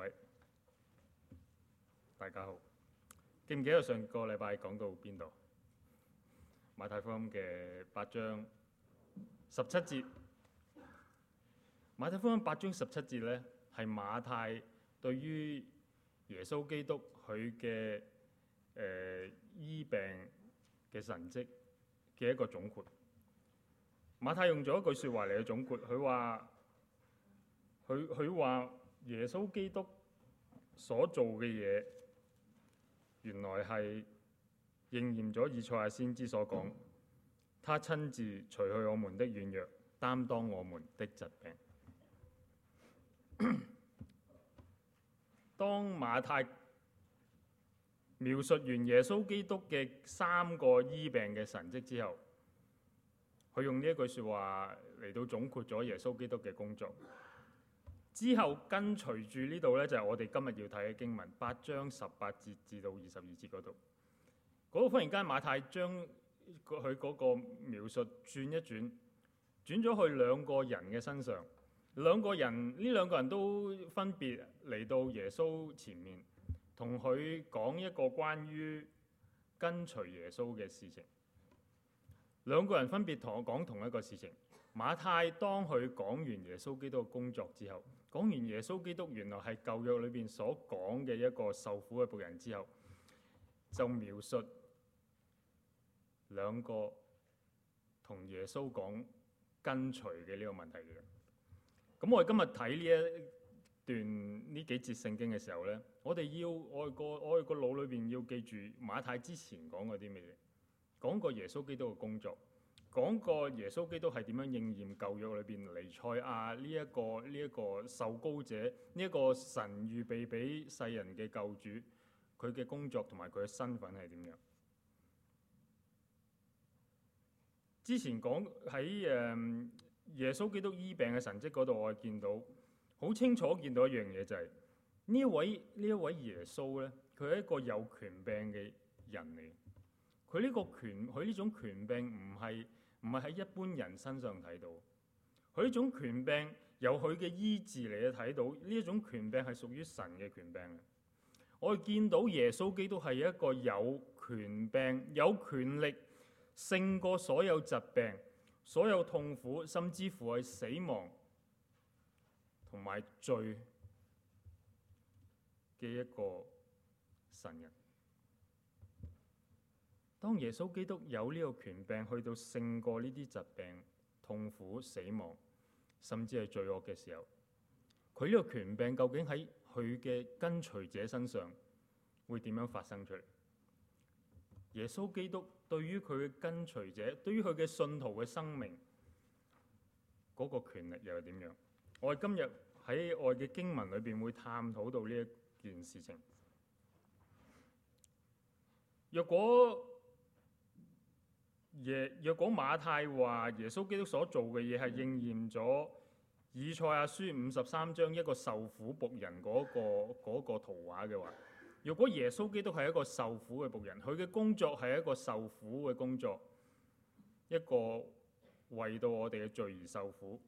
喂，大家好，記唔記得上個禮拜講到邊度？馬太福音嘅八章十七節，馬太福音八章十七節呢係馬太對於耶穌基督佢嘅誒醫病嘅神蹟嘅一個總括。馬太用咗一句說話嚟嘅總括，佢話佢佢話耶穌基督。所做嘅嘢，原來係應驗咗以賽亞先知所講，他親自除去我們的軟弱，擔當我們的疾病。 當馬太描述完耶穌基督嘅三個醫病嘅神跡之後，佢用呢一句説話嚟到總括咗耶穌基督嘅工作。之後跟隨住呢度呢就係我哋今日要睇嘅經文，八章十八節至到二十二節嗰度。嗰度忽然間，馬太將佢嗰個描述轉一轉，轉咗去兩個人嘅身上。兩個人呢，兩個人都分別嚟到耶穌前面，同佢講一個關於跟隨耶穌嘅事情。兩個人分別同我講同一個事情。馬太當佢講完耶穌基督嘅工作之後，講完耶穌基督原來係舊約裏邊所講嘅一個受苦嘅僕人之後，就描述兩個同耶穌講跟隨嘅呢個問題嘅人咁、嗯、我哋今日睇呢一段呢幾節聖經嘅時候呢，我哋要我個我個腦裏邊要記住馬太之前講過啲咩嘢，講過耶穌基督嘅工作。講過耶穌基督係點樣應驗舊約裏邊彌賽亞呢一個呢一，這個受膏者呢一，這個神預備俾世人嘅救主，佢嘅工作同埋佢嘅身份係點樣？之前講喺，嗯、耶穌基督醫病嘅神蹟嗰度，我見到好清楚見到一樣嘢，就係、是，呢位呢一位耶穌呢，佢係一個有權柄嘅人嚟，佢呢個權佢呢種權柄唔係。唔係喺一般人身上睇到，到，佢呢種權柄由佢嘅醫治嚟去睇到，呢一種權柄係屬於神嘅權柄。我哋見到耶穌基督係一個有權柄、有權力勝過所有疾病、所有痛苦，甚至乎係死亡同埋罪嘅一個神人。當耶穌基督有呢個權柄去到勝過呢啲疾病、痛苦、死亡，甚至係罪惡嘅時候，佢呢個權柄究竟喺佢嘅跟隨者身上會點樣發生出嚟？耶穌基督對於佢嘅跟隨者、對於佢嘅信徒嘅生命嗰個權力又係點樣？我哋今日喺我哋嘅經文裏邊會探討到呢一件事情。若果若果馬太話耶穌基督所做嘅嘢係應驗咗以賽亞書五十三章一個受苦僕人嗰個嗰個圖畫嘅話，若果耶穌基督係一個受苦嘅僕人，佢嘅工作係一個受苦嘅工作，一個為到我哋嘅罪而受苦。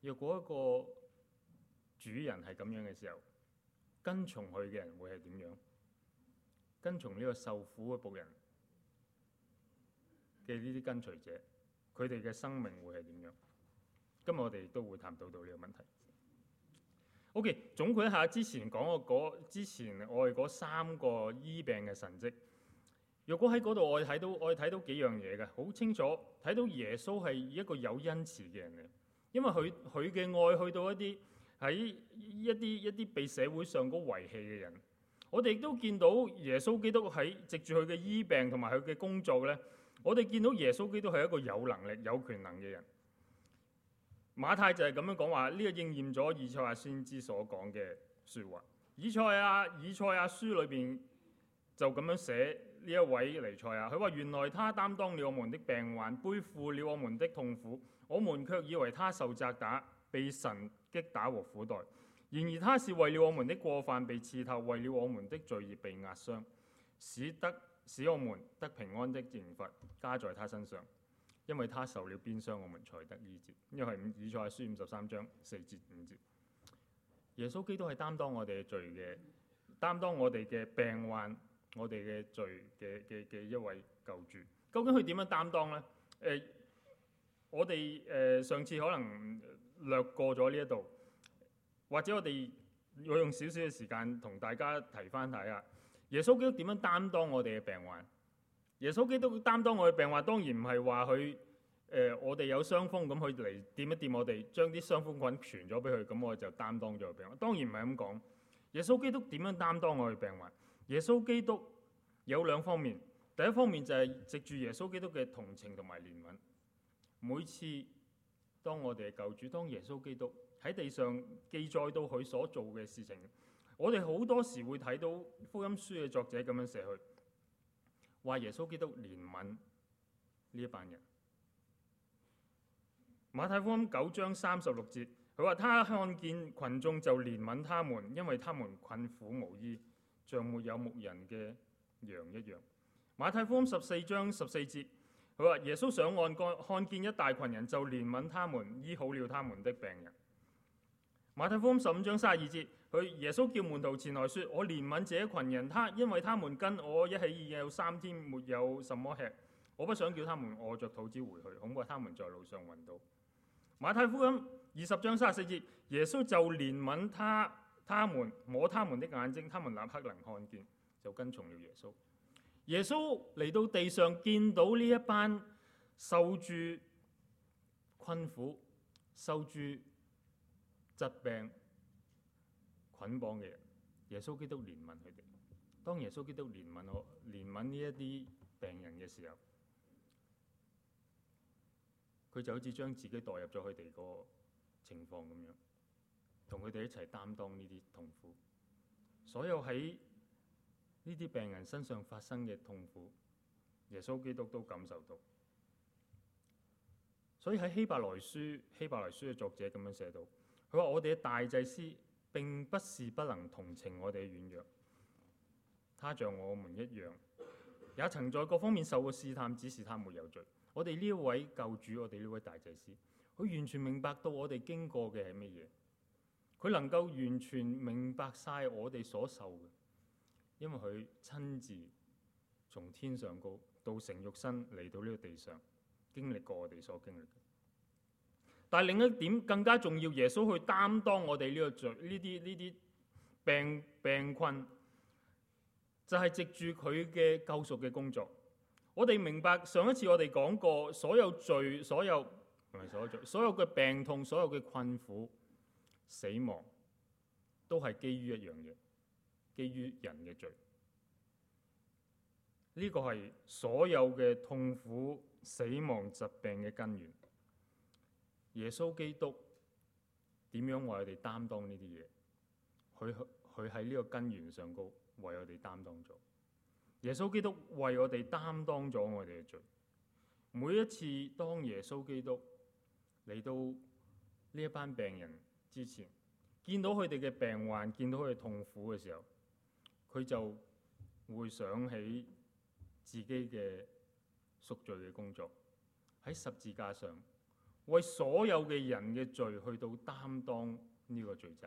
若果一個主人係咁樣嘅時候，跟從佢嘅人會係點樣？跟從呢個受苦嘅僕人？嘅呢啲跟隨者，佢哋嘅生命會係點樣？今日我哋都會談到到呢個問題。OK，總括一下之前講嘅嗰之前我哋三個醫病嘅神跡。若果喺嗰度，我哋睇到我哋睇到幾樣嘢嘅好清楚，睇到耶穌係一個有恩慈嘅人嚟，因為佢佢嘅愛去到一啲喺一啲一啲被社會上嗰遺棄嘅人。我哋亦都見到耶穌基督喺藉住佢嘅醫病同埋佢嘅工作呢。我哋見到耶穌基督係一個有能力、有權能嘅人。馬太就係咁樣講話，呢個應驗咗以賽亞先知所講嘅説話。以賽亞、以賽亞書裏邊就咁樣寫呢一位彌賽亞，佢話：原來他擔當了我們的病患，背負了我們的痛苦，我們卻以為他受責打，被神擊打和苦待。然而他是為了我們的過犯被刺透，為了我們的罪而被壓傷，使得。使我們得平安的刑罰加在他身上，因為他受了鞭傷，我們才得醫治。因為五以賽亞書五十三章四節五節，耶穌基督係擔當我哋嘅罪嘅，擔當我哋嘅病患，我哋嘅罪嘅嘅嘅一位救主。究竟佢點樣擔當呢？誒、呃，我哋誒、呃、上次可能略過咗呢一度，或者我哋要用少少嘅時間同大家提翻睇下。耶穌基督點樣擔當我哋嘅病患？耶穌基督擔當我哋病患，當然唔係話佢誒，我哋有傷風咁佢嚟掂一掂我哋，將啲傷風菌傳咗俾佢，咁我就擔當咗病患。當然唔係咁講。耶穌基督點樣擔當我哋病患？耶穌基督有兩方面，第一方面就係藉住耶穌基督嘅同情同埋憐憫，每次當我哋嘅救主，當耶穌基督喺地上記載到佢所做嘅事情。我哋好多時會睇到福音書嘅作者咁樣寫去，話耶穌基督憐憫呢一班人。馬太福音九章三十六節，佢話他看見群眾就憐憫他們，因為他們困苦無依，像沒有牧人嘅羊一樣。馬太福音十四章十四節，佢話耶穌上岸過，看見一大群人就憐憫他們，醫好了他們的病人。馬太福音十五章三十二節。佢耶穌叫門徒前來説：我憐憫這群人，他，他因為他們跟我一起已有三天沒有什麼吃，我不想叫他們餓着肚子回去，恐怕他們在路上暈倒。馬太福音二十章三十四節，耶穌就憐憫他，他們，摸他們的眼睛，他們立刻能看見，就跟從了耶穌。耶穌嚟到地上，見到呢一班受住困苦、受住疾病。捆綁嘅人，耶穌基督憐憫佢哋。當耶穌基督憐憫我、憐憫呢一啲病人嘅時候，佢就好似將自己代入咗佢哋嗰個情況咁樣，同佢哋一齊擔當呢啲痛苦。所有喺呢啲病人身上發生嘅痛苦，耶穌基督都感受到。所以喺希伯來書，希伯來書嘅作者咁樣寫到，佢話我哋嘅大祭司。並不是不能同情我哋嘅軟弱，他像我們一樣，也曾在各方面受過試探，只是他沒有罪。我哋呢位救主，我哋呢位大祭司，佢完全明白到我哋經過嘅係乜嘢，佢能夠完全明白晒我哋所受嘅，因為佢親自從天上高到成肉身嚟到呢個地上，經歷過我哋所經歷但另一點更加重要，耶穌去擔當我哋呢個罪、呢啲呢啲病病困，就係、是、藉住佢嘅救贖嘅工作。我哋明白上一次我哋講過，所有罪、所有唔係所有罪、所有嘅病痛、所有嘅困苦、死亡，都係基於一樣嘢，基於人嘅罪。呢、這個係所有嘅痛苦、死亡、疾病嘅根源。耶穌基督點樣為我哋擔當呢啲嘢？佢佢喺呢個根源上高為我哋擔當咗。耶穌基督為我哋擔當咗我哋嘅罪。每一次當耶穌基督嚟到呢一班病人之前，見到佢哋嘅病患，見到佢哋痛苦嘅時候，佢就會想起自己嘅贖罪嘅工作喺十字架上。為所有嘅人嘅罪去到擔當呢個罪責，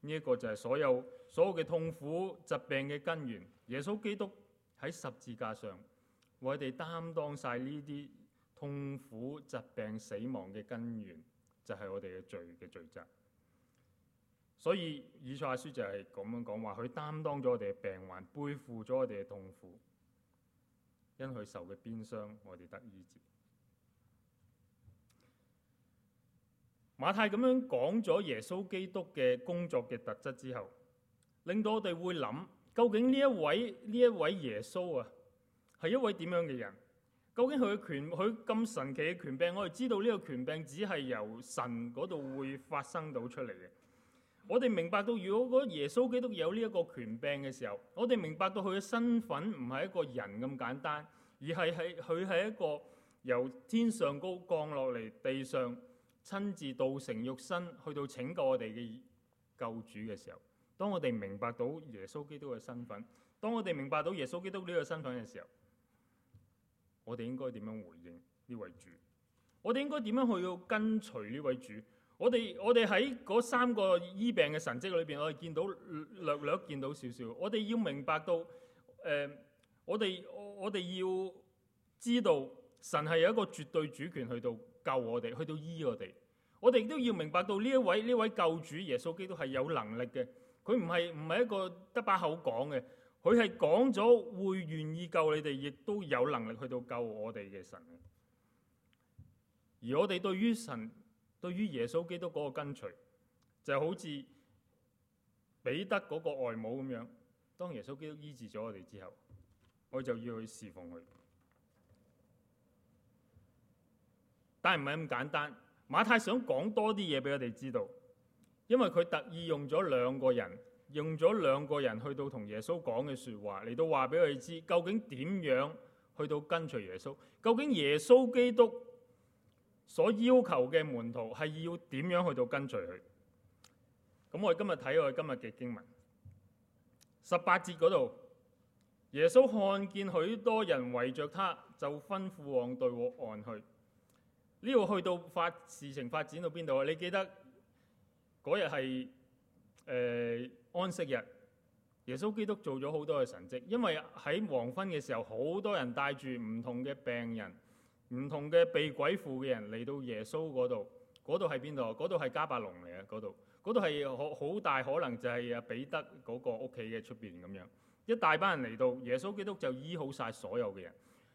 呢、這、一個就係所有所有嘅痛苦、疾病嘅根源。耶穌基督喺十字架上為我哋擔當晒呢啲痛苦、疾病、死亡嘅根源，就係、是、我哋嘅罪嘅罪責。所以以賽亞書就係咁樣講話，佢擔當咗我哋嘅病患，背負咗我哋嘅痛苦，因佢受嘅鞭傷，我哋得醫治。馬太咁樣講咗耶穌基督嘅工作嘅特質之後，令到我哋會諗，究竟呢一位呢一位耶穌啊，係一位點樣嘅人？究竟佢嘅權，佢咁神奇嘅權柄，我哋知道呢個權柄只係由神嗰度會發生到出嚟嘅。我哋明白到，如果耶穌基督有呢一個權柄嘅時候，我哋明白到佢嘅身份唔係一個人咁簡單，而係係佢係一個由天上高降落嚟地上。親自道成肉身去到拯救我哋嘅救主嘅時候，當我哋明白到耶穌基督嘅身份，當我哋明白到耶穌基督呢個身份嘅時候，我哋應該點樣回應呢位主？我哋應該點樣去要跟隨呢位主？我哋我哋喺嗰三個醫病嘅神跡裏邊，我哋見到略略見到少少。我哋要明白到，誒、呃，我哋我我哋要知道神係有一個絕對主權去到。救我哋，去到醫我哋，我哋都要明白到呢一位呢位救主耶穌基督係有能力嘅，佢唔係唔係一個得把口講嘅，佢係講咗會願意救你哋，亦都有能力去到救我哋嘅神。而我哋對於神，對於耶穌基督嗰個跟隨，就是，好似彼得嗰個外母咁樣，當耶穌基督醫治咗我哋之後，我就要去侍奉佢。但係唔係咁簡單？馬太想講多啲嘢俾我哋知道，因為佢特意用咗兩個人，用咗兩個人去到同耶穌講嘅説話嚟到話俾我哋知，究竟點樣去到跟隨耶穌？究竟耶穌基督所要求嘅門徒係要點樣去到跟隨佢？咁、嗯、我哋今日睇我哋今日嘅經文十八節嗰度，耶穌看見許多人圍着他，就吩咐往對岸去。呢度去到發事情發展到邊度啊？你記得嗰日係誒安息日，耶穌基督做咗好多嘅神跡，因為喺黃昏嘅時候，好多人帶住唔同嘅病人、唔同嘅被鬼附嘅人嚟到耶穌嗰度。嗰度係邊度？嗰度係迦百農嚟嘅，嗰度嗰度係好大可能就係阿彼得嗰個屋企嘅出邊咁樣，一大班人嚟到，耶穌基督就醫好晒所有嘅人。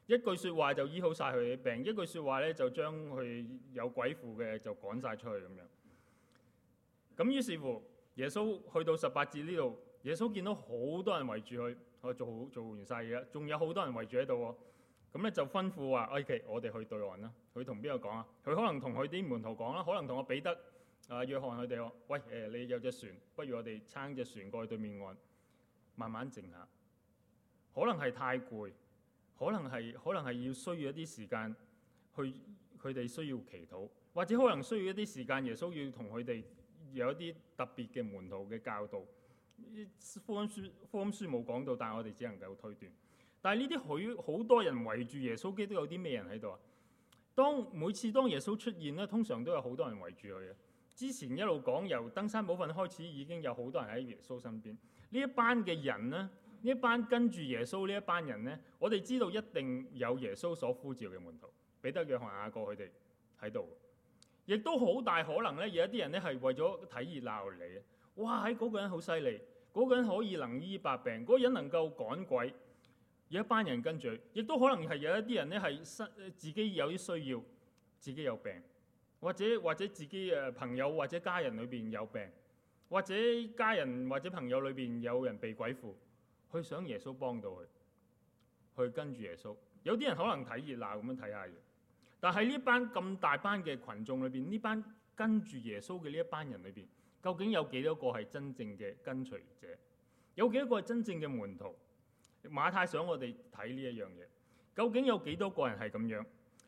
一句説話就醫好晒佢嘅病，一句説話咧就將佢有鬼附嘅就趕晒出去咁樣。咁於是乎，耶穌去到十八節呢度，耶穌見到好多人圍住佢，佢做做完晒嘢啦，仲有好多人圍住喺度喎。咁咧就吩咐話：哎、okay，我哋去對岸啦。佢同邊個講啊？佢可能同佢啲門徒講啦，可能同我彼得、阿、啊、約翰佢哋話：，喂，誒，你有隻船，不如我哋撐隻船過去對面岸，慢慢靜下。可能係太攰。可能係，可能係要需要一啲時間，去佢哋需要祈禱，或者可能需要一啲時間，耶穌要同佢哋有一啲特別嘅門徒嘅教導。福音書福音書冇講到，但係我哋只能夠推斷。但係呢啲許好多人圍住耶穌，基都有啲咩人喺度啊？當每次當耶穌出現咧，通常都有好多人圍住佢嘅。之前一路講由登山寶訓開始，已經有好多人喺耶穌身邊。一呢一班嘅人咧。一班跟住耶穌呢一班人呢，我哋知道一定有耶穌所呼召嘅門徒，彼得、約翰、雅各，佢哋喺度，亦都好大可能呢，有一啲人呢係為咗睇熱鬧嚟嘅。哇！喺、那、嗰個人好犀利，嗰、那個人可以能醫百病，嗰、那個人能夠趕鬼，有一班人跟住，亦都可能係有一啲人呢係身自己有啲需要，自己有病，或者或者自己誒朋友或者家人裏邊有病，或者家人或者朋友裏邊有人被鬼附。佢想耶穌幫到佢，去跟住耶穌。有啲人可能睇熱鬧咁樣睇下嘢，但係呢班咁大班嘅群眾裏邊，呢班跟住耶穌嘅呢一班人裏邊，究竟有幾多個係真正嘅跟隨者？有幾多個係真正嘅門徒？馬太想我哋睇呢一樣嘢。究竟有幾多個人係咁樣？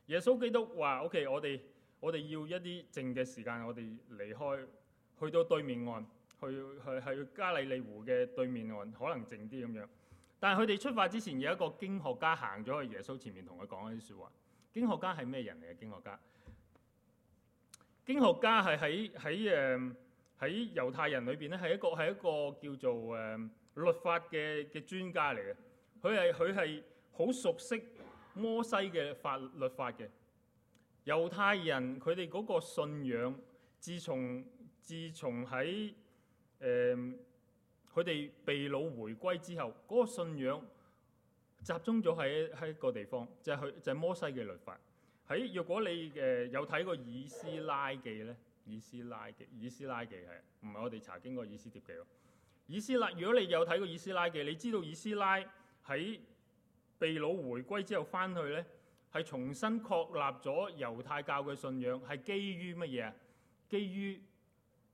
耶穌基督話：「OK，我哋我哋要一啲靜嘅時間，我哋離開，去到對面岸。去去去，去加利利湖嘅對面岸可能靜啲咁樣。但係佢哋出發之前，有一個經學家行咗去耶穌前面同佢講一啲説話。經學家係咩人嚟嘅？經學家，經學家係喺喺誒喺猶太人裏邊咧係一個係一個叫做誒、嗯、律法嘅嘅專家嚟嘅。佢係佢係好熟悉摩西嘅法律法嘅。猶太人佢哋嗰個信仰，自從自從喺誒，佢哋、嗯、被擄回歸之後，嗰、那個信仰集中咗喺喺一個地方，就係佢就係摩西嘅律法。喺若果你誒、呃、有睇過以斯拉記咧，以斯拉記，以斯拉記係唔係我哋查經嗰以斯帖記喎？以斯拉，如果你有睇過以斯拉記，你知道以斯拉喺被擄回歸之後翻去咧，係重新確立咗猶太教嘅信仰，係基於乜嘢啊？基於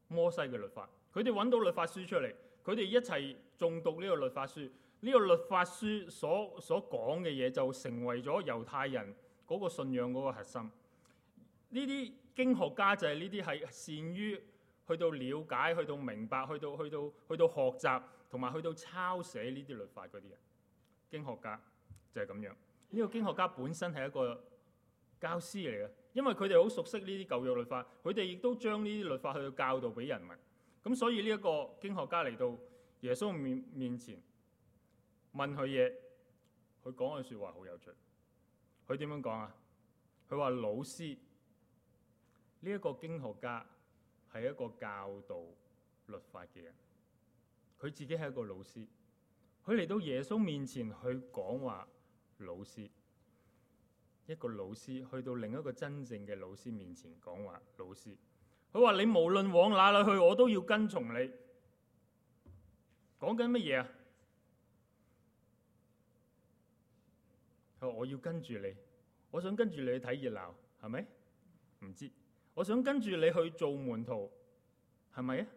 摩西嘅律法。佢哋揾到律法書出嚟，佢哋一齊重讀呢個律法書。呢個律法書所所講嘅嘢就成為咗猶太人嗰個信仰嗰個核心。呢啲經學家就係呢啲係善於去到了解、去到明白、去到去到去到學習同埋去到抄寫呢啲律法嗰啲人。經學家就係咁樣。呢個經學家本身係一個教師嚟嘅，因為佢哋好熟悉呢啲舊約律法，佢哋亦都將呢啲律法去到教導俾人民。咁所以呢一個經學家嚟到耶穌面前問佢嘢，佢講嘅説話好有趣。佢點樣講啊？佢話，老師。呢一個經學家係一個教導律法嘅人，佢自己係一個老師。佢嚟到耶穌面前去講話，老師，一個老師去到另一個真正嘅老師面前講話，老師。佢話：你無論往哪裏去，我都要跟從你。講緊乜嘢啊？佢話：我要跟住你，我想跟住你去睇熱鬧，係咪？唔知。我想跟住你去做門徒，係咪啊？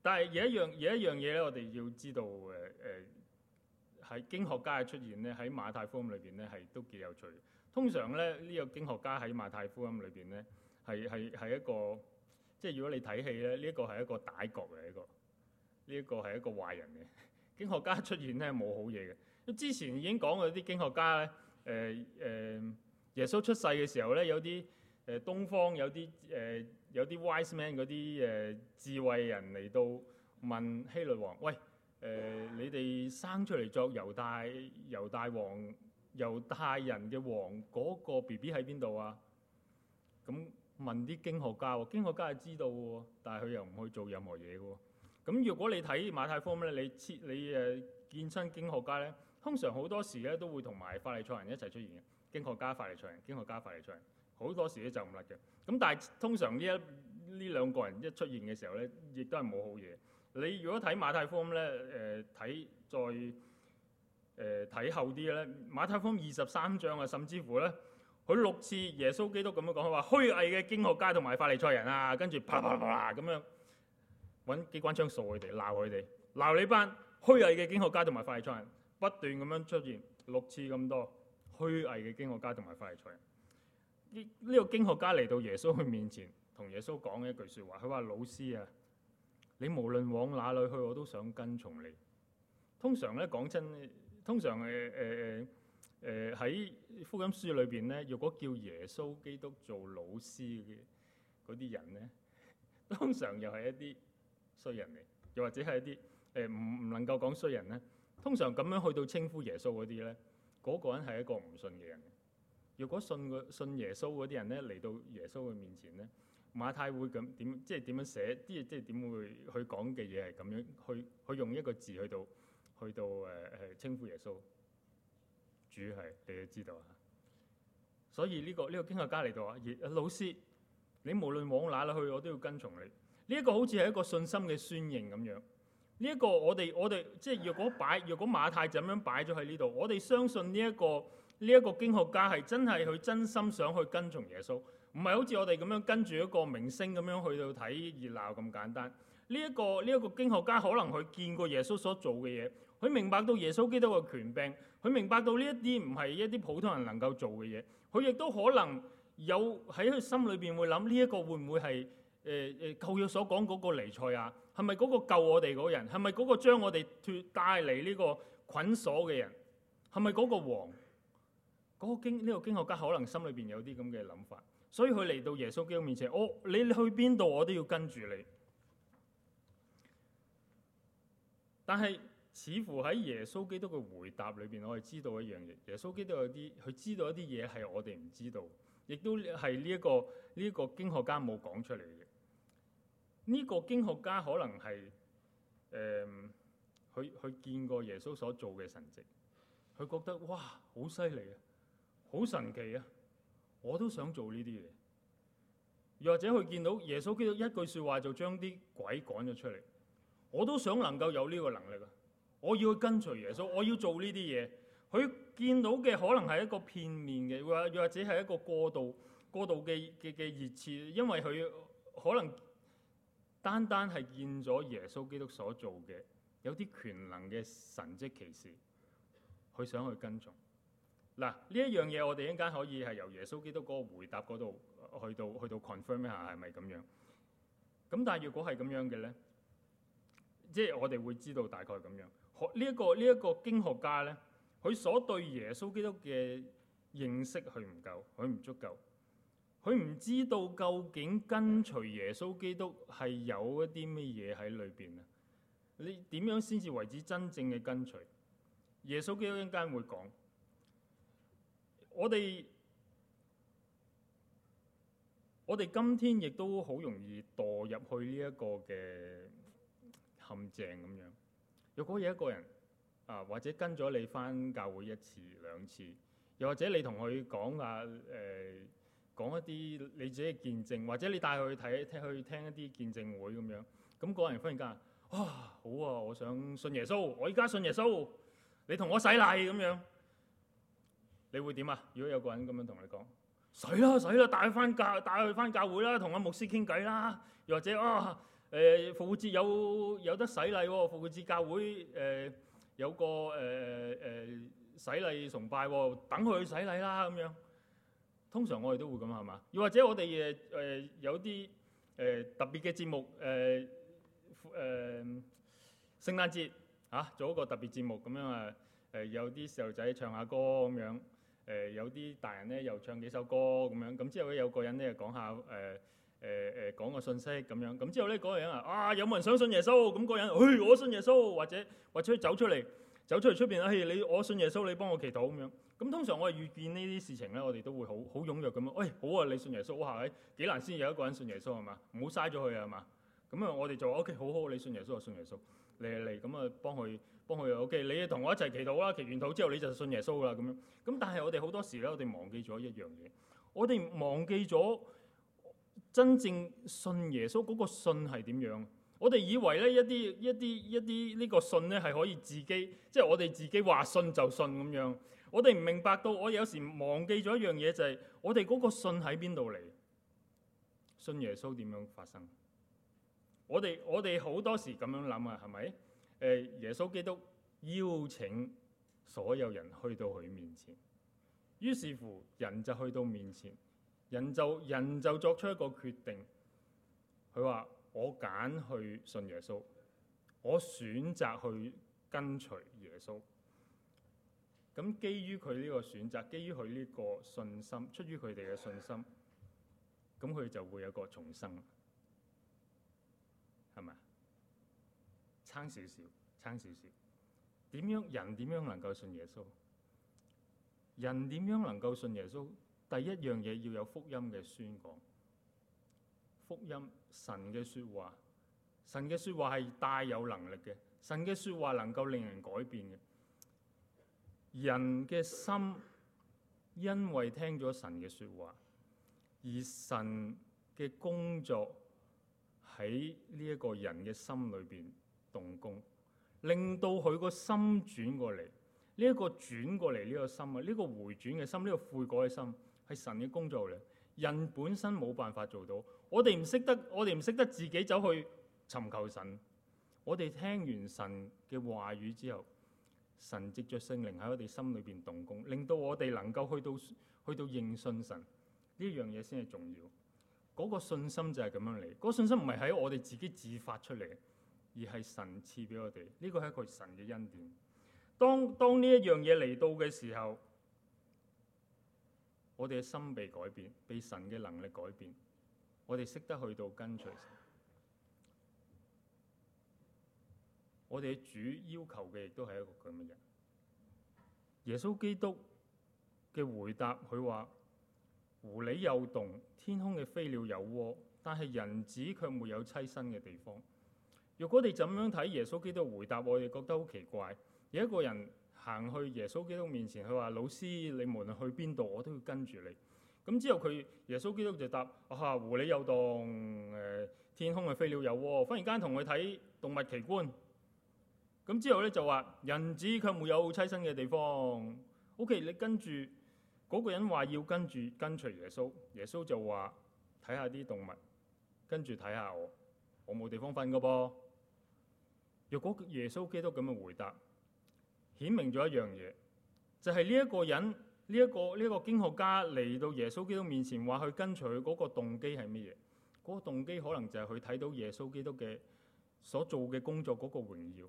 但係有一樣有一樣嘢咧，我哋要知道誒誒，喺、呃、經學家嘅出現咧，喺馬太福音裏邊咧係都幾有趣。通常咧呢、這個經學家喺馬太福音裏邊咧。係係係一個，即係如果你睇戲咧，呢、這個、一個係、這個這個、一個歹角嚟。一個，呢一個係一個壞人嘅經學家出現咧冇好嘢嘅。之前已經講過啲經學家咧，誒、呃、誒、呃，耶穌出世嘅時候咧，有啲誒東方有啲誒、呃、有啲 wise man 嗰啲誒智慧人嚟到問希律王，喂誒，呃、哇你哋生出嚟作猶大猶大王猶太人嘅王嗰、那個 B B 喺邊度啊？咁問啲經學家喎，經學家係知道喎，但係佢又唔去做任何嘢嘅喎。咁如果你睇馬太福音咧，你切你誒見親經學家咧，通常好多時咧都會同埋法利賽人一齊出現嘅。經學家、法利賽人、經學家、法利賽人，好多時咧就唔甩嘅。咁但係通常呢一呢兩個人一出現嘅時候咧，亦都係冇好嘢。你如果睇馬太福音咧，誒睇再誒睇後啲咧，馬太福音二十三章啊，甚至乎咧。佢六次耶穌基督咁樣講，佢話虛偽嘅經學家同埋法利賽人啊，跟住啪啪啪咁樣揾機關槍掃佢哋，鬧佢哋，鬧你班虛偽嘅經學家同埋法利賽人不斷咁樣出現六次咁多虛偽嘅經學家同埋法利賽人。呢、呢、呢個經學家嚟到耶穌佢面前，同耶穌講嘅一句說話，佢話老師啊，你無論往哪裏去，我都想跟從你。通常咧講真，通常誒誒。呃呃呃誒喺、呃、福音書裏邊咧，若果叫耶穌基督做老師嘅嗰啲人咧，通常又係一啲衰人嚟，又或者係一啲誒唔唔能夠講衰人咧。通常咁樣去到稱呼耶穌嗰啲咧，嗰、嗰個人係一個唔信嘅人嘅。如果信信耶穌嗰啲人咧，嚟到耶穌嘅面前咧，馬太會咁點即係點樣寫？啲即係點會去講嘅嘢係咁樣？去去用一個字去到去到誒誒、啊啊、稱呼耶穌。主係你都知道啊，所以呢、這個呢、這個經學家嚟到啊，老師，你無論往哪裏去，我都要跟從你。呢、這、一個好似係一個信心嘅宣認咁樣。呢、這、一個我哋我哋即係若果擺若果馬太就咁樣擺咗喺呢度，我哋相信呢、這、一個呢一、這個經學家係真係去真心想去跟從耶穌，唔係好似我哋咁樣跟住一個明星咁樣去到睇熱鬧咁簡單。呢、這、一個呢一、這個經學家可能佢見過耶穌所做嘅嘢。佢明白到耶穌基督嘅權柄，佢明白到呢一啲唔係一啲普通人能夠做嘅嘢，佢亦都可能有喺佢心裏邊會諗呢一個會唔會係誒誒舊約所講嗰個彌賽亞，係咪嗰個救我哋嗰人，係咪嗰個將我哋脱帶嚟呢個捆鎖嘅人，係咪嗰個王？嗰、嗰個經呢、呢個經學家可能心裏邊有啲咁嘅諗法，所以佢嚟到耶穌基督面前，哦，你去邊度我都要跟住你，但係，似乎喺耶穌基督嘅回答裏邊，我哋知道一樣嘢。耶穌基督有啲佢知道一啲嘢係我哋唔知道，亦都係呢一個呢個經學家冇講出嚟嘅嘢。呢個經學家可能係誒佢佢見過耶穌所做嘅神跡，佢覺得哇好犀利啊，好神奇啊！我都想做呢啲嘢，又或者佢見到耶穌基督一句説話就將啲鬼趕咗出嚟，我都想能夠有呢個能力啊！我要去跟隨耶穌，我要做呢啲嘢。佢見到嘅可能係一個片面嘅，或或者係一個過度過度嘅嘅嘅熱切，因為佢可能單單係見咗耶穌基督所做嘅有啲權能嘅神蹟奇事，佢想去跟從。嗱，呢一樣嘢我哋一陣間可以係由耶穌基督嗰個回答嗰度去到去到 confirm 一下係咪咁樣？咁但係如果係咁樣嘅呢，即係我哋會知道大概咁樣。呢一個呢一個經學家呢，佢所對耶穌基督嘅認識佢唔夠，佢唔足夠，佢唔知道究竟跟隨耶穌基督係有一啲咩嘢喺裏邊啊？你點樣先至為止真正嘅跟隨？耶穌基督一陣間會講，我哋我哋今天亦都好容易墮入去呢一個嘅陷阱咁樣。如果有一個人啊，或者跟咗你返教會一次兩次，又或者你同佢講啊，誒、呃、講一啲你自己見證，或者你帶佢睇、去聽一啲見證會咁樣，咁、那、嗰個人忽然間，啊，好啊，我想信耶穌，我依家信耶穌，你同我洗禮咁樣，你會點啊？如果有個人咁樣同你講，洗啦，洗啦，帶佢返教，帶佢返教會啦，同阿牧師傾偈啦，又或者啊～誒、呃、復活節有有得洗禮喎、哦，復活節教會誒、呃、有個誒誒、呃呃、洗禮崇拜喎、哦，等佢去洗禮啦咁樣。通常我哋都會咁係嘛？又或者我哋誒誒有啲誒、呃、特別嘅節目誒誒、呃呃、聖誕節嚇做一個特別節目咁樣啊誒有啲細路仔唱下歌咁樣，誒、呃、有啲、呃、大人咧又唱幾首歌咁樣，咁之後咧有個人咧又講下誒。呃誒誒講個信息咁樣，咁之後咧嗰、那個人啊，啊有冇人相信耶穌？咁、那、嗰、個、人，誒、哎、我信耶穌，或者或者走出嚟，走出嚟出邊啊？誒、哎、你我信耶穌，你幫我祈禱咁樣。咁通常我係遇見呢啲事情咧，我哋都會好好踴躍咁樣。喂、哎，好啊，你信耶穌，好下嘅。幾難先有一個人信耶穌係嘛？唔好嘥咗佢啊，係嘛？咁啊，我哋就 OK，好好你信耶穌，我信耶穌，嚟嚟咁啊，幫佢幫佢 OK，你同我一齊祈禱啦。祈完禱之後你就信耶穌啦咁樣。咁但係我哋好多時咧，我哋忘記咗一樣嘢，我哋忘記咗。真正信耶穌嗰個信係點樣？我哋以為呢一啲一啲一啲呢個信咧，係可以自己，即係我哋自己話信就信咁樣。我哋唔明白到，我有時忘記咗一樣嘢，就係，我哋嗰個信喺邊度嚟？信耶穌點樣發生？我哋我哋好多時咁樣諗啊，係咪？耶穌基督邀請所有人去到佢面前，於是乎人就去到面前。人就人就作出一個決定，佢話我揀去信耶穌，我選擇去跟隨耶穌。咁基於佢呢個選擇，基於佢呢個信心，出於佢哋嘅信心，咁佢就會有個重生，係咪啊？差少少，差少少。點樣人點樣能夠信耶穌？人點樣能夠信耶穌？第一樣嘢要有福音嘅宣講，福音神嘅說話，神嘅說話係大有能力嘅，神嘅說話能夠令人改變嘅人嘅心，因為聽咗神嘅說話，而神嘅工作喺呢一個人嘅心裏邊動工，令到佢個心轉過嚟，呢一個轉過嚟呢個心啊，呢個回轉嘅心，呢個悔改嘅心。係神嘅工作嚟，人本身冇辦法做到。我哋唔識得，我哋唔識得自己走去尋求神。我哋聽完神嘅話語之後，神藉着聖靈喺我哋心裏邊動工，令到我哋能夠去到去到認信神呢樣嘢先係重要。嗰、那個信心就係咁樣嚟，嗰、那個、信心唔係喺我哋自己自發出嚟，而係神賜俾我哋。呢、這個係一個神嘅恩典。當當呢一樣嘢嚟到嘅時候。我哋嘅心被改變，被神嘅能力改變。我哋識得去到跟隨神。我哋嘅主要求嘅亦都係一個咁嘅人。耶穌基督嘅回答，佢話：狐狸有洞，天空嘅飛鳥有窩，但係人子卻沒有棲身嘅地方。如果你怎樣睇耶穌基督回答，我哋覺得好奇怪。有一個人。行去耶穌基督面前，佢話：老師，你無論去邊度，我都要跟住你。咁之後佢耶穌基督就答：啊哈，狐狸有洞誒、呃、天空嘅飛鳥有喎、哦。忽然間同佢睇動物奇觀。咁之後咧就話：人子卻沒有棲身嘅地方。O.K. 你跟住嗰、那個人話要跟住跟隨耶穌，耶穌就話：睇下啲動物，跟住睇下我，我冇地方瞓噶噃。若果耶穌基督咁樣回答。顯明咗一樣嘢，就係呢一個人，呢一個呢一個經學家嚟到耶穌基督面前，話佢跟隨佢嗰個動機係咩嘢？嗰個動機可能就係佢睇到耶穌基督嘅所做嘅工作嗰個榮耀。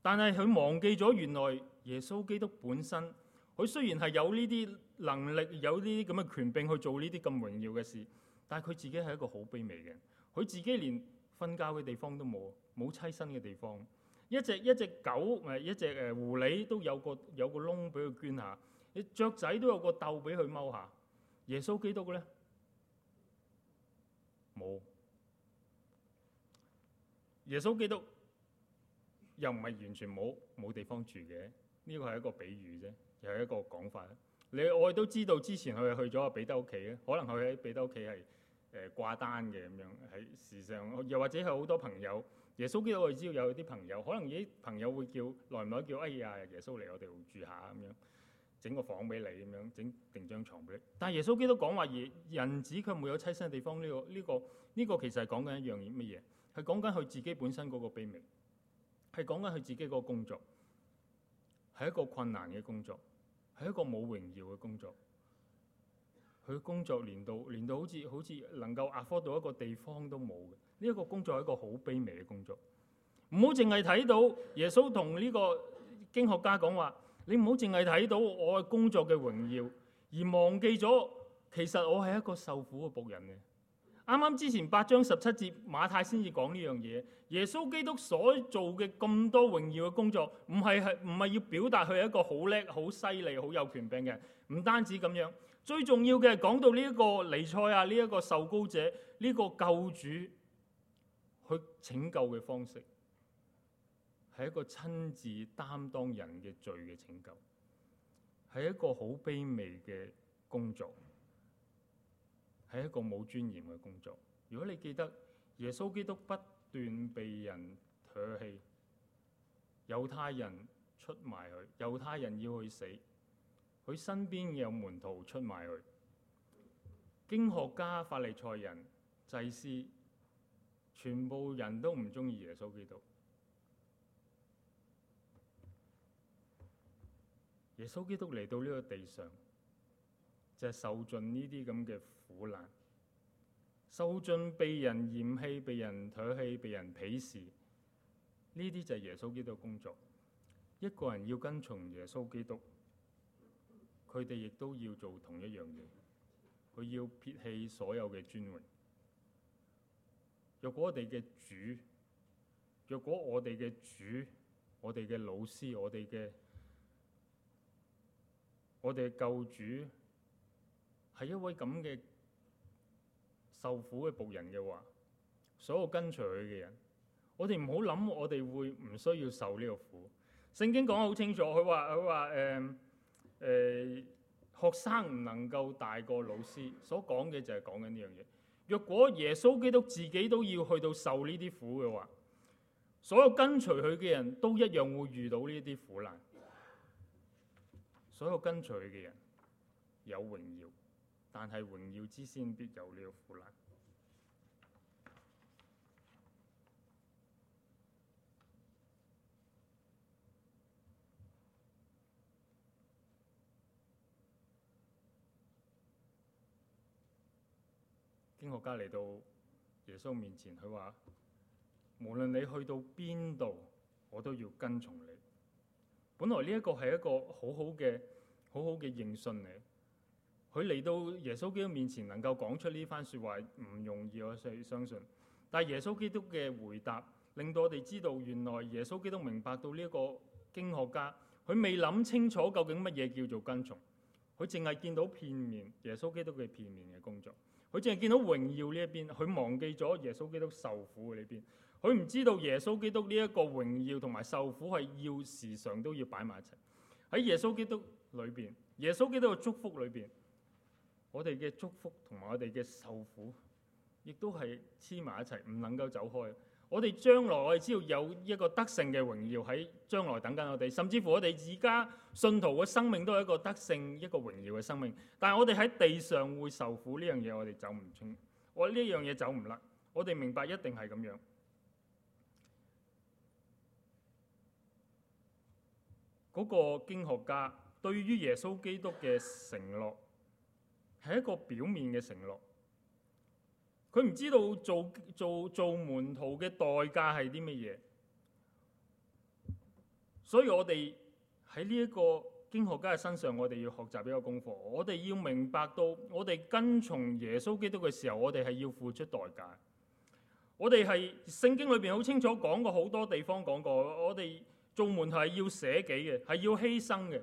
但係佢忘記咗原來耶穌基督本身，佢雖然係有呢啲能力，有呢啲咁嘅權柄去做呢啲咁榮耀嘅事，但係佢自己係一個好卑微嘅人，佢自己連瞓覺嘅地方都冇，冇棲身嘅地方。一隻一隻狗，咪一隻誒狐狸都有個有個窿俾佢捐下，你雀仔都有個竇俾佢踎下。耶穌基督嘅咧，冇。耶穌基督又唔係完全冇冇地方住嘅，呢個係一個比喻啫，又係一個講法。你我都知道之前佢係去咗阿彼得屋企嘅，可能佢喺彼得屋企係誒掛單嘅咁樣，喺時尚，又或者係好多朋友。耶穌基督，我哋知道有啲朋友，可能啲朋友會叫嚟唔嚟叫，哎呀，耶穌嚟我哋度住下咁樣，整個房俾你咁樣，整定張床俾你。但係耶穌基督講話，耶人子佢冇有棲身嘅地方，呢個呢個呢個其實係講緊一樣嘢。乜嘢？係講緊佢自己本身嗰個卑微，係講緊佢自己嗰個工作，係一個困難嘅工作，係一個冇榮耀嘅工作。佢工作連到連到好似好似能夠壓迫到一個地方都冇嘅，呢一個工作係一個好卑微嘅工作。唔好淨係睇到耶穌同呢個經學家講話，你唔好淨係睇到我嘅工作嘅榮耀，而忘記咗其實我係一個受苦嘅僕人嘅。啱啱之前八章十七節馬太先至講呢樣嘢，耶穌基督所做嘅咁多榮耀嘅工作，唔係，係唔係要表達佢係一個好叻、好犀利、好有權柄嘅人？唔單止咁樣。最重要嘅係講到呢一個彌賽亞，呢一個受膏者，呢、這個救主去拯救嘅方式係一個親自擔當人嘅罪嘅拯救，係一個好卑微嘅工作，係一個冇尊嚴嘅工作。如果你記得耶穌基督不斷被人唾棄，猶太人出賣佢，猶太人要去死。佢身邊有門徒出賣佢，經學家、法利賽人、祭司，全部人都唔中意耶穌基督。耶穌基督嚟到呢個地上，就係受盡呢啲咁嘅苦難，受盡被人嫌棄、被人唾棄、被人鄙視。呢啲就係耶穌基督工作。一個人要跟從耶穌基督。佢哋亦都要做同一樣嘢，佢要撇棄所有嘅尊榮。若果我哋嘅主，若果我哋嘅主，我哋嘅老師，我哋嘅我哋嘅救主係一位咁嘅受苦嘅僕人嘅話，所有跟隨佢嘅人，我哋唔好諗，我哋會唔需要受呢個苦。聖經講得好清楚，佢話佢話誒。誒、嗯、學生唔能夠大過老師，所講嘅就係講緊呢樣嘢。若果耶穌基督自己都要去到受呢啲苦嘅話，所有跟隨佢嘅人都一樣會遇到呢啲苦難。所有跟隨佢嘅人有榮耀，但係榮耀之先必有呢個苦難。經學家嚟到耶穌面前，佢話無論你去到邊度，我都要跟從你。本來呢一個係一個好好嘅、好好嘅認信嚟。佢嚟到耶穌基督面前，能夠講出呢番說話唔容易，我相相信。但係耶穌基督嘅回答，令到我哋知道，原來耶穌基督明白到呢一個經學家，佢未諗清楚究竟乜嘢叫做跟從，佢淨係見到片面。耶穌基督嘅片面嘅工作。佢淨係見到榮耀呢一邊，佢忘記咗耶穌基督受苦嘅呢邊。佢唔知道耶穌基督呢一個榮耀同埋受苦係要時常都要擺埋一齊。喺耶穌基督裏邊，耶穌基督嘅祝福裏邊，我哋嘅祝福同埋我哋嘅受苦，亦都係黐埋一齊，唔能夠走開。我哋將來我哋知道有一個得勝嘅榮耀喺將來等緊我哋，甚至乎我哋而家信徒嘅生命都係一個得勝、一個榮耀嘅生命。但係我哋喺地上會受苦呢樣嘢，我哋走唔清，我呢樣嘢走唔甩。我哋明白一定係咁樣。嗰個經學家對於耶穌基督嘅承諾係一個表面嘅承諾。佢唔知道做做做門徒嘅代價係啲乜嘢，所以我哋喺呢一個經學家嘅身上，我哋要學習呢個功課。我哋要明白到，我哋跟從耶穌基督嘅時候，我哋係要付出代價。我哋係聖經裏邊好清楚講過，好多地方講過，我哋做門徒係要捨己嘅，係要犧牲嘅，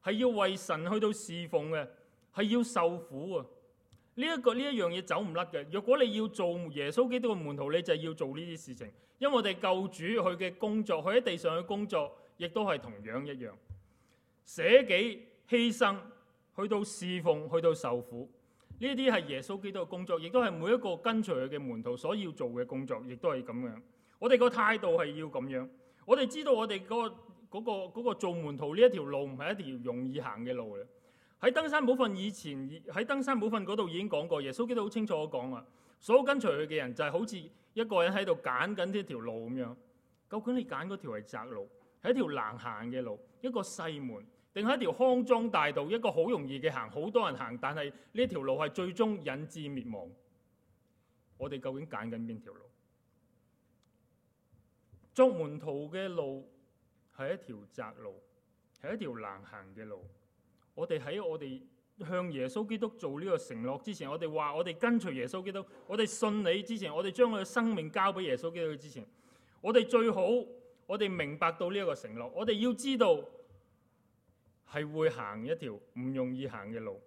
係要為神去到侍奉嘅，係要受苦啊！呢一個呢一樣嘢走唔甩嘅。如果你要做耶穌基督嘅門徒，你就要做呢啲事情。因為我哋救主佢嘅工作，佢喺地上嘅工作，亦都係同樣一樣，捨己犧牲，去到侍奉，去到受苦，呢啲係耶穌基督嘅工作，亦都係每一個跟隨佢嘅門徒所要做嘅工作，亦都係咁樣。我哋個態度係要咁樣。我哋知道我哋嗰嗰個做門徒呢一條路唔係一條容易行嘅路嚟。喺登山寶訓以前，喺登山寶訓嗰度已經講過，耶穌基督好清楚我講啊，所有跟隨佢嘅人就係好似一個人喺度揀緊呢條路咁樣。究竟你揀嗰條係窄路，係一條難行嘅路，一個細門，定係一條康莊大道，一個好容易嘅行，好多人行，但係呢條路係最終引致滅亡。我哋究竟揀緊邊條路？作門徒嘅路係一條窄路，係一條難行嘅路。我哋喺我哋向耶穌基督做呢個承諾之前，我哋話我哋跟隨耶穌基督，我哋信你之前，我哋將我嘅生命交俾耶穌基督之前，我哋最好我哋明白到呢一個承諾，我哋要知道係會行一條唔容易行嘅路，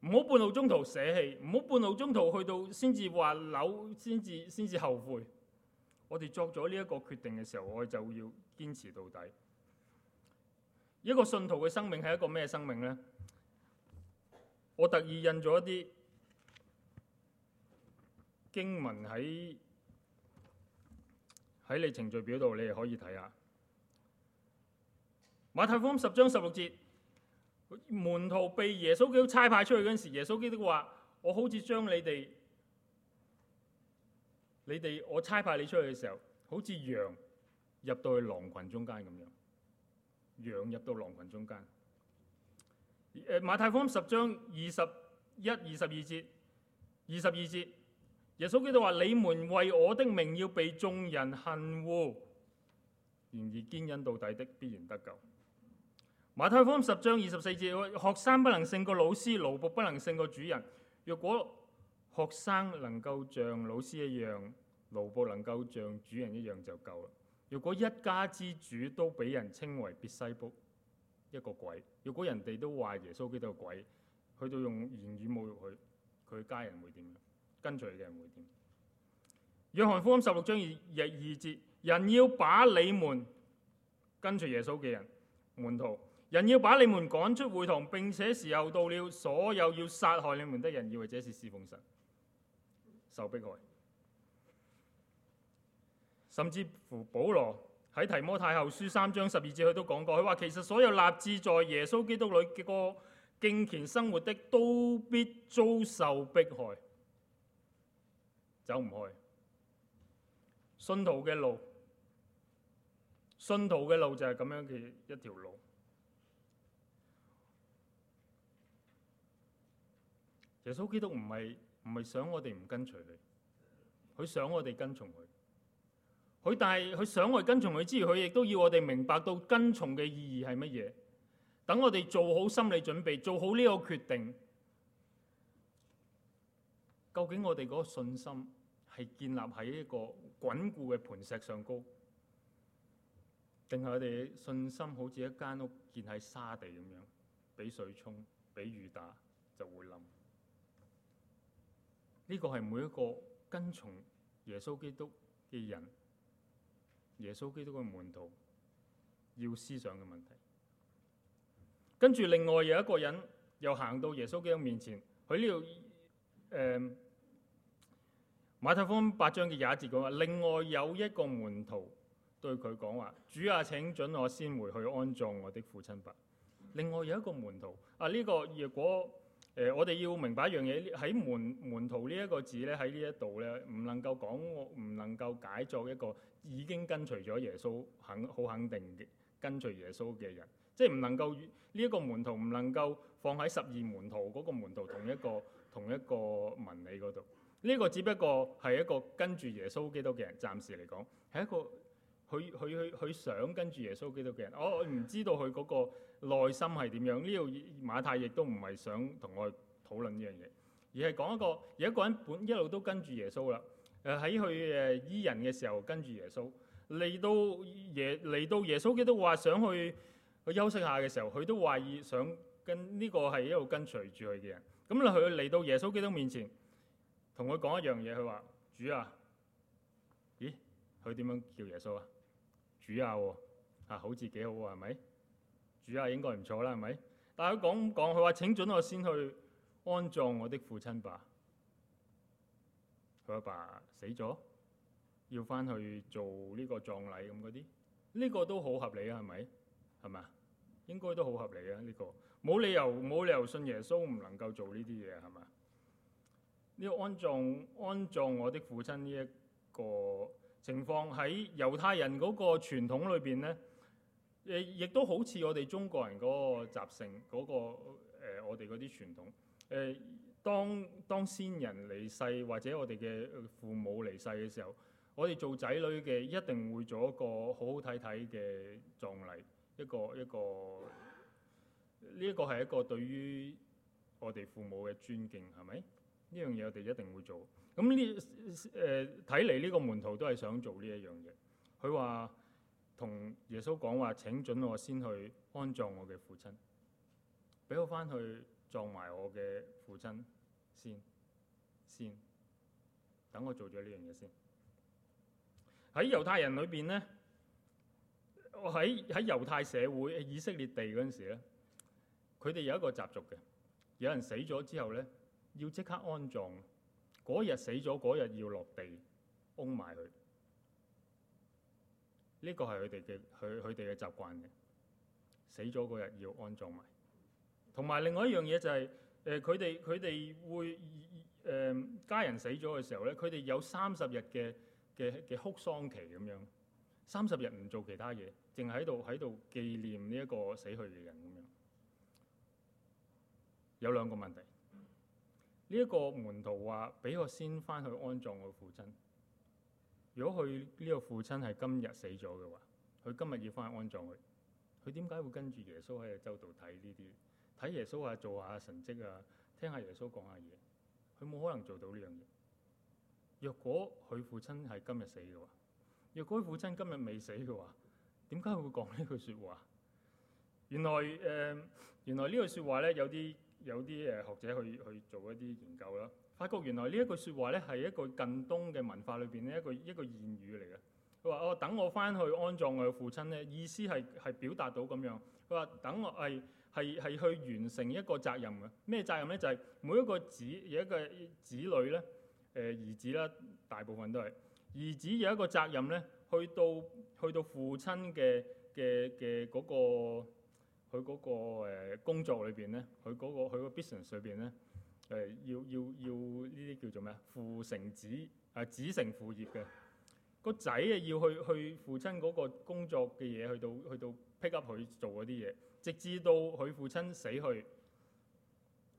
唔好半路中途捨棄，唔好半路中途去到先至話扭，先至先至後悔。我哋作咗呢一個決定嘅時候，我哋就要堅持到底。一個信徒嘅生命係一個咩生命呢？我特意印咗一啲經文喺喺你程序表度，你哋可以睇下。馬太福音十章十六節，門徒被耶穌基督差派出去嗰陣時，耶穌基督話：我好似將你哋你哋我差派你出去嘅時候，好似羊入到去狼群中間咁樣。養入到狼群中間。誒馬太福音十章二十一、二十二節，二十二節，耶穌基督話：你們為我的名要被眾人恨惡，然而堅忍到底的，必然得救。馬太福音十章二十四節：學生不能勝過老師，奴僕不能勝過主人。若果學生能夠像老師一樣，奴僕能夠像主人一樣就夠了，就夠啦。如果一家之主都俾人稱為別西卜一個鬼，如果人哋都話耶穌基督係鬼，去到用言語侮辱佢，佢家人會點？跟隨佢嘅人會點？約翰福音十六章二二節：人要把你們跟隨耶穌嘅人門徒，人要把你們趕出會堂。並且時候到了，所有要殺害你們的人以為這是侍奉神受迫害。甚至乎保羅喺提摩太後書三章十二節，佢都講過，佢話，其實所有立志在耶穌基督裏嘅個敬虔生活的都必遭受迫害，走唔開。信徒嘅路，信徒嘅路就係咁樣嘅一條路。耶穌基督唔係唔係想我哋唔跟隨佢，佢想我哋跟從佢。佢但係佢想我跟從佢之餘，佢亦都要我哋明白到跟從嘅意義係乜嘢，等我哋做好心理準備，做好呢個決定。究竟我哋嗰個信心係建立喺一個穩固嘅磐石上高，定係我哋信心好似一間屋建喺沙地咁樣，俾水沖，俾雨打就會冧。呢個係每一個跟從耶穌基督嘅人耶穌基督嘅門徒要思想嘅問題，跟住另外有一個人又行到耶穌基督面前，佢呢度誒馬太福音八章嘅廿一節講話，另外有一個門徒對佢講話：主啊，請準我先回去安葬我的父親吧。另外有一個門徒啊，呢、這個如果。誒、呃，我哋要明白一樣嘢，喺門門徒呢一個字咧，喺呢一度咧，唔能夠講，唔能夠解作一個已經跟隨咗耶穌肯好肯定嘅跟隨耶穌嘅人，即係唔能夠呢一個門徒唔能夠放喺十二門徒嗰個門徒同一個同一個文理嗰度。呢個只不過係一個跟住耶穌基督嘅人，暫時嚟講係一個佢佢佢佢想跟住耶穌基督嘅人。哦、我我唔知道佢嗰個內心係點樣？呢度馬太亦都唔係想同我討論呢樣嘢，而係講一個有一個人本一路都跟住耶穌啦。誒喺佢誒醫人嘅時候跟住耶穌，嚟到耶嚟到耶穌基督話想去去休息下嘅時候，佢都懷疑想跟呢、這個係一路跟隨住佢嘅人。咁啦，佢嚟到耶穌基督面前，同佢講一樣嘢，佢話：主啊，咦？佢點樣叫耶穌啊？主啊、哦，啊，好似幾好喎，係咪？主啊，應該唔錯啦，係咪？但係佢講講，佢話請準我先去安葬我的父親吧。佢阿爸死咗，要翻去做呢個葬禮咁嗰啲，呢個都好合理啊，係咪？係嘛？應該都好合理啊，呢個冇理由冇理由信耶穌唔能夠做呢啲嘢，係嘛？呢個安葬安葬我的父親呢一個情況喺猶太人嗰個傳統裏邊呢。誒，亦都好似我哋中國人嗰個習性，嗰、嗰個、呃、我哋嗰啲傳統。誒、呃，當當先人離世或者我哋嘅父母離世嘅時候，我哋做仔女嘅一定會做一個好好睇睇嘅葬禮，一個一個呢一個係一個對於我哋父母嘅尊敬，係咪？呢樣嘢我哋一定會做。咁呢誒，睇嚟呢個門徒都係想做呢一樣嘢。佢話。同耶穌講話：請準我先去安葬我嘅父親，俾我翻去葬埋我嘅父親先先，等我做咗呢樣嘢先。喺猶太人裏邊呢，喺喺猶太社會、以色列地嗰陣時咧，佢哋有一個習俗嘅，有人死咗之後呢，要即刻安葬，嗰日死咗嗰日要落地安埋佢。呢個係佢哋嘅佢佢哋嘅習慣嘅，死咗嗰日要安葬埋，同埋另外一樣嘢就係誒佢哋佢哋會誒、呃、家人死咗嘅時候咧，佢哋有三十日嘅嘅嘅哭喪期咁樣，三十日唔做其他嘢，淨喺度喺度紀念呢一個死去嘅人咁樣。有兩個問題，呢、這、一個門徒話：俾我先返去安葬我父親。如果佢呢個父親係今日死咗嘅話，佢今日要翻去安葬佢，佢點解會跟住耶穌喺個周度睇呢啲？睇耶穌啊，做下神蹟啊，聽下耶穌講下嘢，佢冇可能做到呢樣嘢。若果佢父親係今日死嘅話，若果佢父親今日未死嘅話，點解會講呢句説話？原來誒、呃，原來句呢句説話咧，有啲有啲誒學者去去做一啲研究啦。發覺原來呢一句説話咧，係一個近東嘅文化裏邊咧，一個一個諺語嚟嘅。佢話：我、哦、等我翻去安葬我嘅父親咧，意思係係表達到咁樣。佢話：等我係係係去完成一個責任嘅。咩責任咧？就係、是、每一個子有一個子女咧，誒、呃、兒子啦，大部分都係兒子有一個責任咧，去到去到父親嘅嘅嘅嗰個佢嗰、嗰個、呃、工作裏邊咧，佢嗰、嗰個佢個 business 裏邊咧。誒要要要呢啲叫做咩父承子啊，子承父業嘅個仔啊，要去去父親嗰個工作嘅嘢，去到去到 pick up 佢做嗰啲嘢，直至到佢父親死去，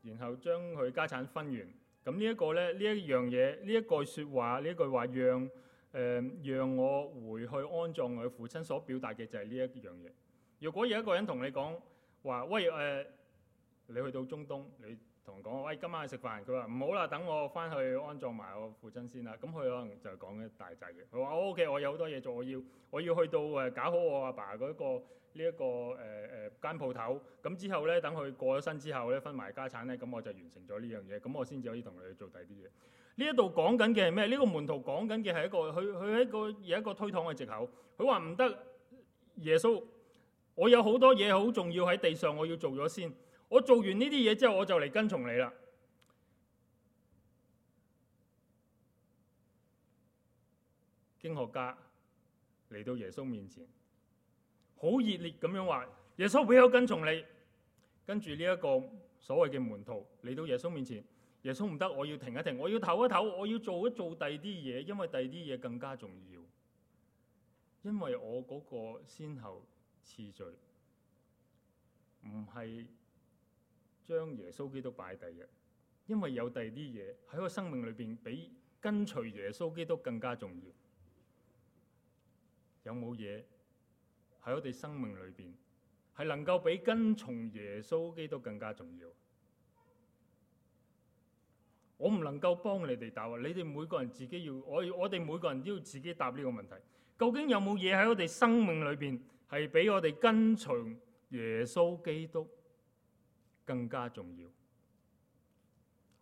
然後將佢家產分完。咁、嗯這個、呢一、呢個咧，呢一樣嘢，呢一句說話，呢一句話，讓誒、呃、讓我回去安葬我父親所表達嘅就係呢一樣嘢。如果有一個人同你講話，喂誒、呃，你去到中東，你？同講話，喂，今晚去食飯。佢話唔好啦，等我翻去安葬埋我父親先啦。咁佢可能就講一大制嘅。佢話：我、哦、OK，我有好多嘢做，我要我要去到誒搞好我阿爸嗰個呢一個誒誒間鋪頭。咁、這個呃呃、之後咧，等佢過咗身之後咧，分埋家產咧，咁我就完成咗呢樣嘢。咁我先至可以同佢做第二啲嘢。呢一度講緊嘅係咩？呢、這個門徒講緊嘅係一個，佢佢係一個有一個推搪嘅藉口。佢話唔得，耶穌，我有好多嘢好重要喺地上，我要做咗先。我做完呢啲嘢之後，我就嚟跟從你啦。經學家嚟到耶穌面前，好熱烈咁樣話：耶穌，我要跟從你。跟住呢一個所謂嘅門徒嚟到耶穌面前，耶穌唔得，我要停一停，我要唞一唞，我要做一做第二啲嘢，因為第二啲嘢更加重要。因為我嗰個先後次序唔係。將耶穌基督擺第一，因為有第二啲嘢，喺我生命裏邊比跟隨耶穌基督更加重要。有冇嘢喺我哋生命裏邊係能夠比跟從耶穌基督更加重要？我唔能夠幫你哋答啊，你哋每個人自己要，我我哋每個人都要自己答呢個問題。究竟有冇嘢喺我哋生命裏邊係比我哋跟隨耶穌基督更加重要。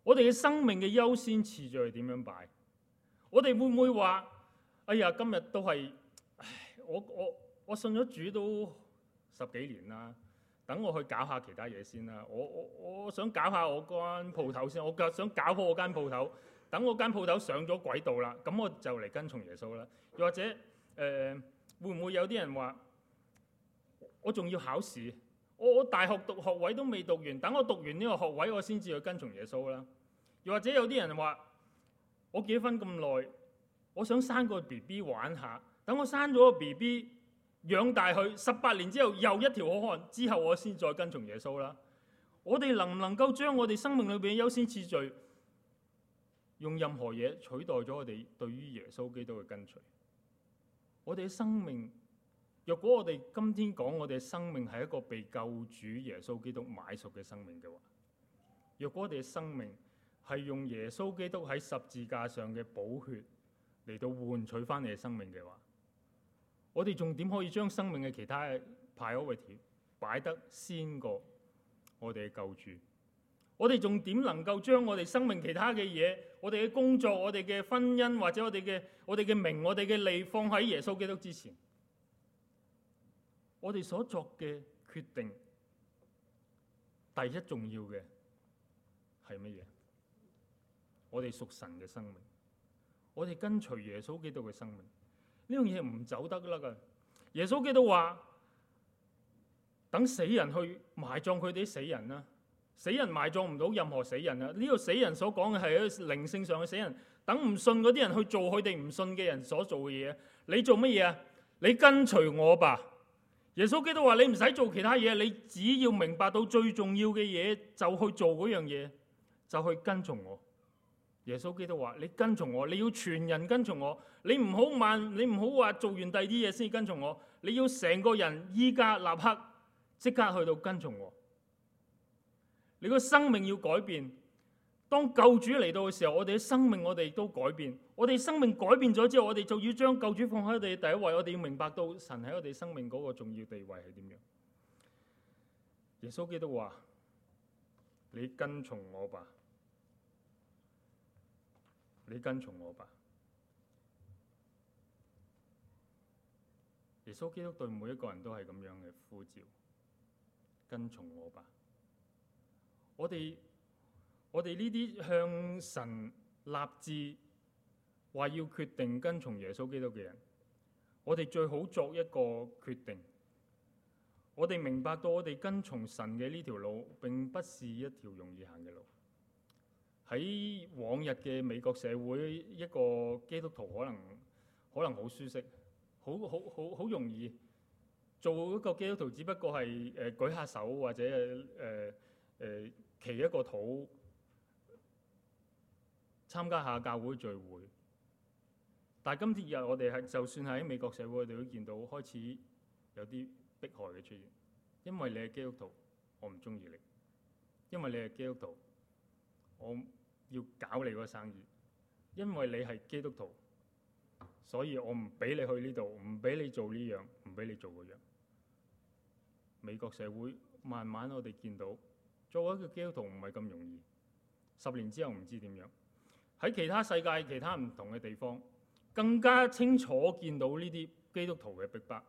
我哋嘅生命嘅優先次序係點樣擺？我哋會唔會話：哎呀，今日都係，我我我信咗主都十幾年啦，等我去搞下其他嘢先啦。我我我想搞下我間鋪頭先，我想搞好我間鋪頭，等我間鋪頭上咗軌道啦，咁我就嚟跟從耶穌啦。又或者誒、呃，會唔會有啲人話：我仲要考試。我大學讀學位都未讀完，等我讀完呢個學位，我先至去跟從耶穌啦。又或者有啲人話：我結婚咁耐，我想生個 BB 玩下，等我生咗個 BB 養大佢十八年之後，又一條好漢，之後我先再跟從耶穌啦。我哋能唔能夠將我哋生命裏邊嘅優先次序，用任何嘢取代咗我哋對於耶穌基督嘅跟隨？我哋嘅生命。若果我哋今天講我哋嘅生命係一個被救主耶穌基督買贖嘅生命嘅話，若果我哋嘅生命係用耶穌基督喺十字架上嘅寶血嚟到換取返你嘅生命嘅話，我哋仲點可以將生命嘅其他嘅 priority 擺得先過我哋嘅救主？我哋仲點能夠將我哋生命其他嘅嘢，我哋嘅工作、我哋嘅婚姻或者我哋嘅我哋嘅名、我哋嘅利放喺耶穌基督之前？我哋所作嘅決定，第一重要嘅係乜嘢？我哋屬神嘅生命，我哋跟隨耶穌基督嘅生命。呢樣嘢唔走得啦。噶耶穌基督話：等死人去埋葬佢哋啲死人啦，死人埋葬唔到任何死人啦。呢個死人所講嘅係一個靈性上嘅死人，等唔信嗰啲人去做佢哋唔信嘅人所做嘅嘢。你做乜嘢啊？你跟隨我吧。耶穌基督話：你唔使做其他嘢，你只要明白到最重要嘅嘢，就去做嗰樣嘢，就去跟從我。耶穌基督話：你跟從我，你要全人跟從我，你唔好慢，你唔好話做完第二啲嘢先跟從我，你要成個人依家立刻即刻去到跟從我。你個生命要改變。當救主嚟到嘅時候，我哋嘅生命我哋都改變，我哋生命改變咗之後，我哋就要將救主放喺我哋第一位。我哋要明白到神喺我哋生命嗰個重要地位係點樣。耶穌基督話：你跟從我吧，你跟從我吧。耶穌基督對每一個人都係咁樣嘅呼召，跟從我吧。我哋。我哋呢啲向神立志，話要決定跟從耶穌基督嘅人，我哋最好作一個決定。我哋明白到我哋跟從神嘅呢條路，並不是一條容易行嘅路。喺往日嘅美國社會，一個基督徒可能可能好舒適，好、好、好容易做一個基督徒，只不過係誒，舉下手，或者誒、誒祈一個禱。參加下教會聚會，但係今天日我哋係就算喺美國社會，我哋都見到開始有啲迫害嘅出現。因為你係基督徒，我唔中意你；因為你係基督徒，我要搞你個生意；因為你係基督徒，所以我唔俾你去呢度，唔俾你做呢樣，唔俾你做嗰樣。美國社會慢慢我哋見到，作為一個基督徒唔係咁容易。十年之後唔知點樣。喺其他世界、其他唔同嘅地方，更加清楚見到呢啲基督徒嘅逼迫。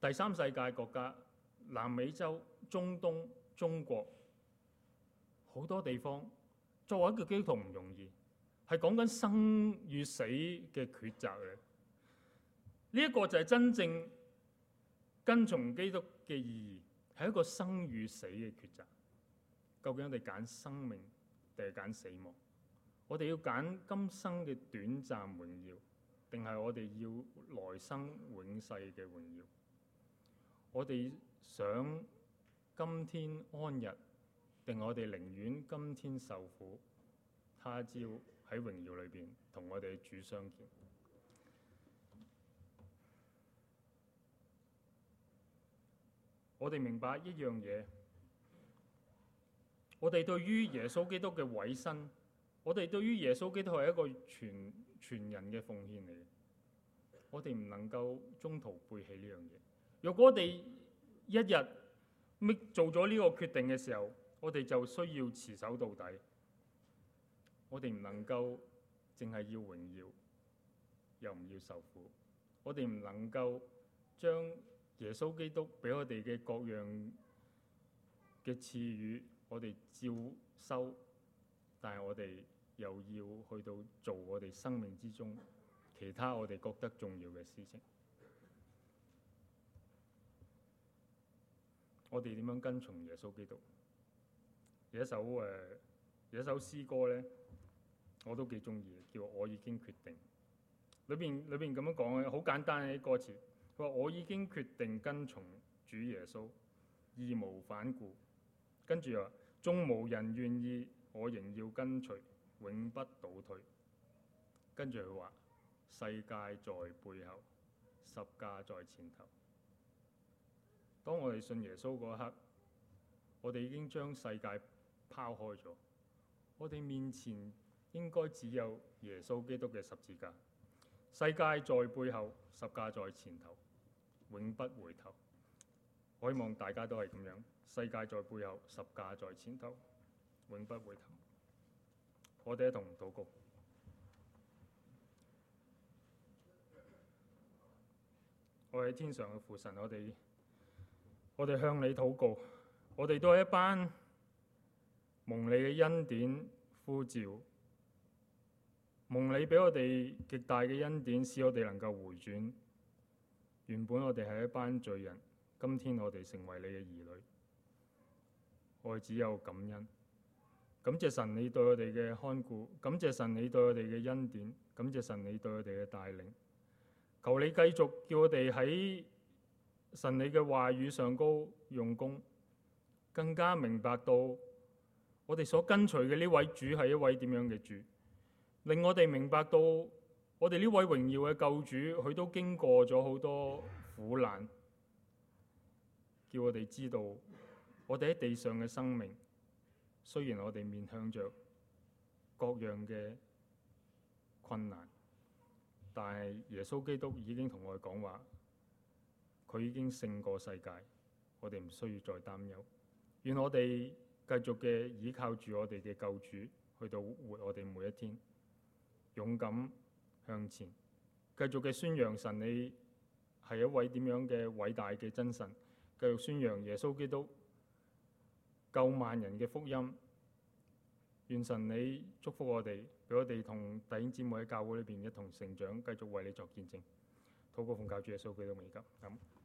第三世界國家、南美洲、中東、中國好多地方，作為一個基督徒唔容易，係講緊生與死嘅抉擇嘅。呢、這、一個就係真正跟從基督嘅意義，係一個生與死嘅抉擇，究竟我哋揀生命定係揀死亡？我哋要揀今生嘅短暫榮耀，定係我哋要來生永世嘅榮耀？我哋想今天安逸，定我哋寧願今天受苦，他朝喺榮耀裏面同我哋主相見？我哋明白一樣嘢，我哋對於耶穌基督嘅委身。我哋對於耶穌基督係一個全全人嘅奉獻嚟，我哋唔能夠中途背棄呢樣嘢。若果我哋一日咪做咗呢個決定嘅時候，我哋就需要持守到底。我哋唔能夠淨係要榮耀，又唔要受苦。我哋唔能夠將耶穌基督俾我哋嘅各樣嘅賜予，我哋照收。但係我哋又要去到做我哋生命之中其他我哋覺得重要嘅事情。我哋點樣跟從耶穌基督？有一首誒有、呃、一首詩歌呢，我都幾鍾意，叫《我已經決定》。裏面裏面咁樣講咧，好簡單嘅啲歌詞。佢話：我已經決定跟從主耶穌，義無反顧。跟住又話：縱無人願意。我仍要跟隨，永不倒退。跟住佢話：世界在背後，十架在前頭。當我哋信耶穌嗰刻，我哋已經將世界拋開咗。我哋面前應該只有耶穌基督嘅十字架。世界在背後，十架在前頭，永不回頭。我希望大家都係咁樣。世界在背後，十架在前頭。永不回頭，我哋一同禱告。我喺天上嘅父神，我哋我哋向你禱告，我哋都係一班蒙你嘅恩典呼召，蒙你俾我哋極大嘅恩典，使我哋能夠回轉。原本我哋係一班罪人，今天我哋成為你嘅兒女，我哋只有感恩。感謝神你對我哋嘅看顧，感謝神你對我哋嘅恩典，感謝神你對我哋嘅帶領。求你繼續叫我哋喺神你嘅話語上高用功，更加明白到我哋所跟隨嘅呢位主係一位點樣嘅主，令我哋明白到我哋呢位榮耀嘅救主，佢都經過咗好多苦難，叫我哋知道我哋喺地上嘅生命。雖然我哋面向着各樣嘅困難，但係耶穌基督已經同我哋講話，佢已經勝過世界，我哋唔需要再擔憂。願我哋繼續嘅依靠住我哋嘅救主，去到活我哋每一天，勇敢向前，繼續嘅宣揚神你係一位點樣嘅偉大嘅真神，繼續宣揚耶穌基督。救萬人嘅福音，願神你祝福我哋，俾我哋同弟兄姊妹喺教會裏邊一同成長，繼續為你作見證。禱告奉主耶穌基督的名，阿門。